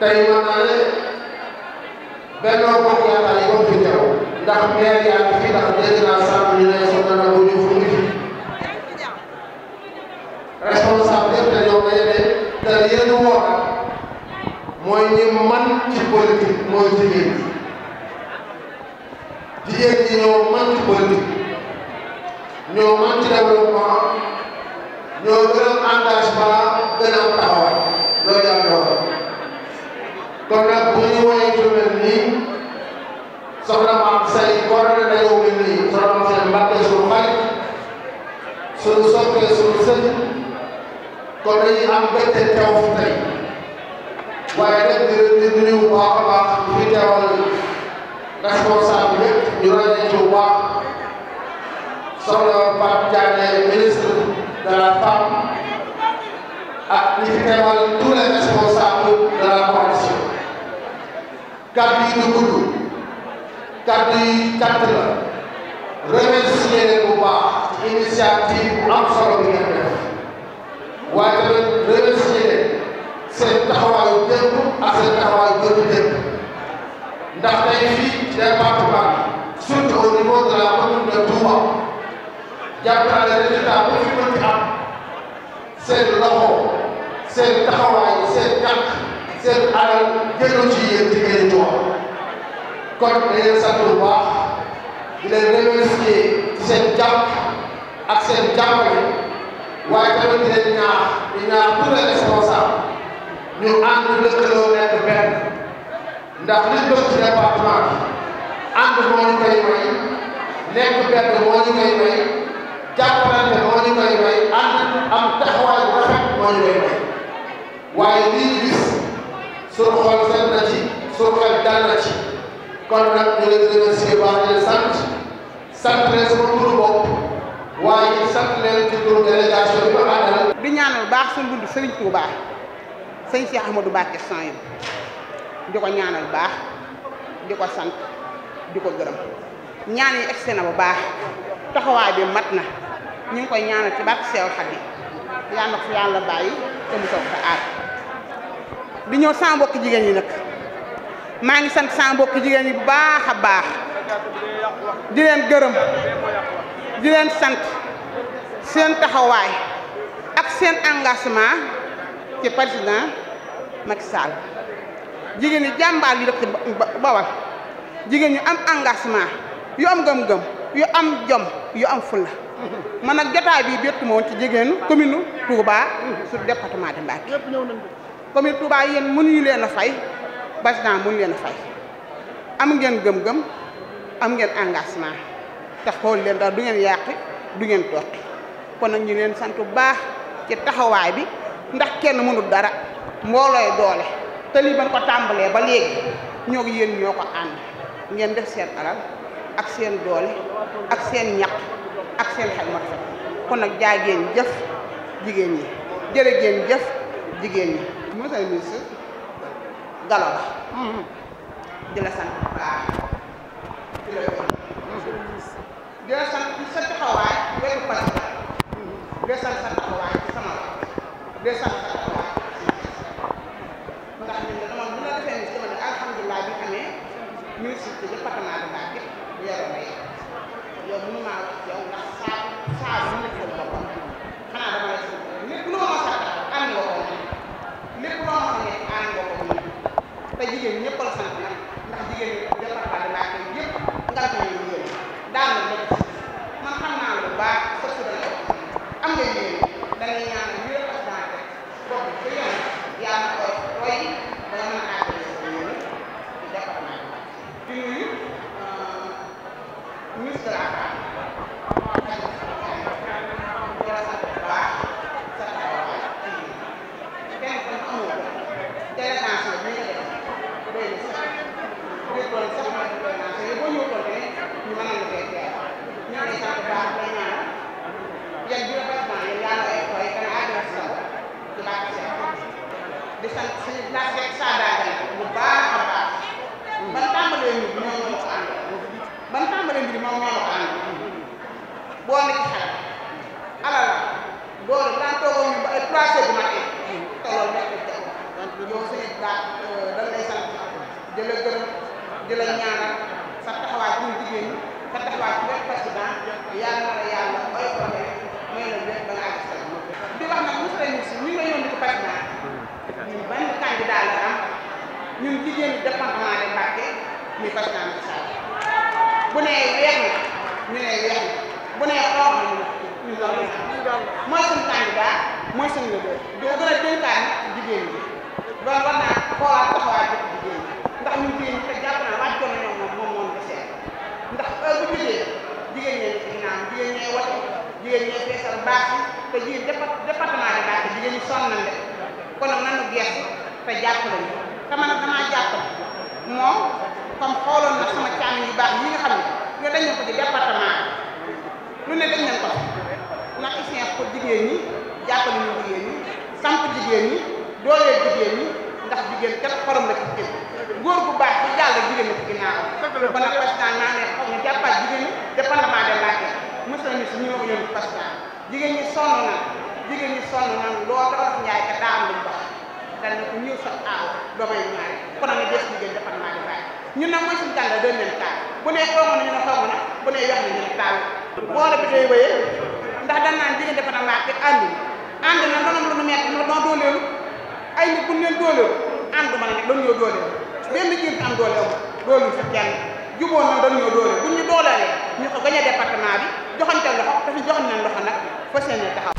tey mën ne Benno Bokk Yaakaar yi fi teew ndax maire yaa ngi fi ndax dégg naa ñu ne soxna na bu fu ngi fi responsable te ñoom dañu mooy ñi man ci politique mooy jigéen ñi jigéen ñi ñoo man ci politique ñoo man ci développement ñoo gën engagement benn dayoo mel nii soxna Sëñ Mbàkke suñu xarit suñu soppee suñu sëñ kon dañuy am mbégte teew fi tey waaye nag di leen di nuyu bu baax a baax fi teewal responsable yëpp ñu ràññee ci bu baax soxna Pape Diagne ministre de la femme ak ñi fi teewal tous les responsables de la coalition kàddu yi ñu gudd kàddu yi cant la remercier leen bu baax ci initiative bu am solo bi ngeen def waaye tamit remercier leen seen taxawaayu démb ak seen taxawaayu gënu démb ndax tey fii ci département surtout au niveau de la commune de Touba jàpp naa ne résultat bu fi mën di am seen loxo seen taxawaay seen ñàkk seen alal jëlu ci yéen ci ngeen jox kon dañ leen sant bu baax di leen remercier ci seen jàpp ak seen jàppale waaye tamit di leen ñaax di ñaax tous les responsables ñu ànd lëkkaloo nekk benn ndax li ñu bëgg ci département bi ànd moo ñu koy benn moo ñu koy may jàppalante moo ñu am taxawaay bu rafet moo ñu koy waaye lii gis suñu xol seet dal na kon nag ñu leen di remercier waa di leen sant sant leen sama turu bopp waaye sant leen ci turu délégation bi ma du di ñaanal baax suñu bunt sëriñ Touba sëñ si Ahmadou Mbacké Sanyo di ko ñaanal baax di ko sant di ko gërëm ñaan yi na bu baax taxawaay bi mat na ñu ngi koy ñaanal ci barke Seex Xaadim yàlla na ko fi yàlla bàyyi te mu toog sa aar di ñëw sama mbokk jigéen yi nag. maa ngi sant sama mbokk jigéen ñi bu baax a baax di leen gërëm di leen sant seen taxawaay ak seen engagement ci président Macky Sall jigéen ñi jàmbaar yu dëkk Bawal jigéen ñu am engagement yu am gëm-gëm yu am jom yu am fulla man nag jotaay bi béttu ma woon ci jigéenu commune Touba sur département de Mbacké commune Touba yéen mënuñu leen a fay président mun leen fay am ngeen gëm-gëm am ngeen engagement te xool leen daal du ngeen yàq du ngeen toog kon nag ñu leen sant bu baax ci taxawaay bi ndax kenn mënul dara mboolooy doole te lii ban ko tàmbalee ba léegi ñoo ngi yéen ñoo ko ànd ngeen def seen alal ak seen doole ak seen ñaq ak seen xel mat kon nag jaageen jëf jigéen ñi jërëgeen jëf jigéen ñi monsieur le ministre Galawa Mm-hmm. di la sant bu baax di la yokk mm-hmm. di la sant ci sa taxawaay wetu président di la sant sa taxawaay ci sama di la sant suñu place yeeg saadaaka la bu baax a baax ban tàmbalee mbir moom moom moo la boo nekk xel alal la loolu daan toogoon ñu ba ay trois heures du matin te loolu nekkul jàpp yow suñu baax dañ lay sant di la gërëm di sa taxawaay ci jigéen ñi sa taxawaay ci bépp président yàlla na la yàlla oy ñun jigéen département de Mbacké ñu fas naa Macky Sall bu nee weex na ñu nee weex na bu nee xoox na ñu ñu loolu mooy suñu candidat mooy suñu leader di gën a dénkaan jigéen ñi loolu war naa xoolaat taxawaay jëpp jigéen ñi ndax ñun jigéen ñi te jàpp naa laaj ko na ñoom moom moom moom desee ndax heure bu jigéen jigéen ñee ci ginnaaw jigéen ñee wati jigéen ñee feesal baax yi te jigéen département de Mbacké jigéen ñi sonn nañ de kon nag nanu gees te jàpp nañu te na nag damaa jàpp moom comme xooloon na sama càmm yu baax yi nga xam ne ñoo dañu ko ci département lu ne dañ leen ko ndax isin ko jigéen ñi jàppale ñu jigéen ñi samp jigéen ñi dooleel jigéen ñi ndax jigéen kat xorom la ci bu baax bu jàll jigéen ba nag président naa ne xaw na jàppaat jigéen ñi dépendement ñu ma ko yónni président jigéen ñi sonn na jigéen ñi sonn na loolu dafa njaay ka daa am lu baax dal na ko ñëw sax aaw doomay ñaari kon nag des jigéen defar maa ngi ñun nag mooy suñu tànn doon leen taal bu ne xaw ma ne ñu ne xaw ma na ne ne taal moo la bi tey wéyee ndax dañ naan jigéen defar maa ngi àndu ànd na noonu lu doo dooleelu ay nit bu ñu leen dooleelu àndu ma nag dañ ñoo dooleelu benn jigéen am doole amul dooleelu sa kenn jubóo na dañ ñoo bu ñu dooleelee ñu ko gañe département bi joxante loxo dafa joxoon nañ loxo nag fas yéene taxaw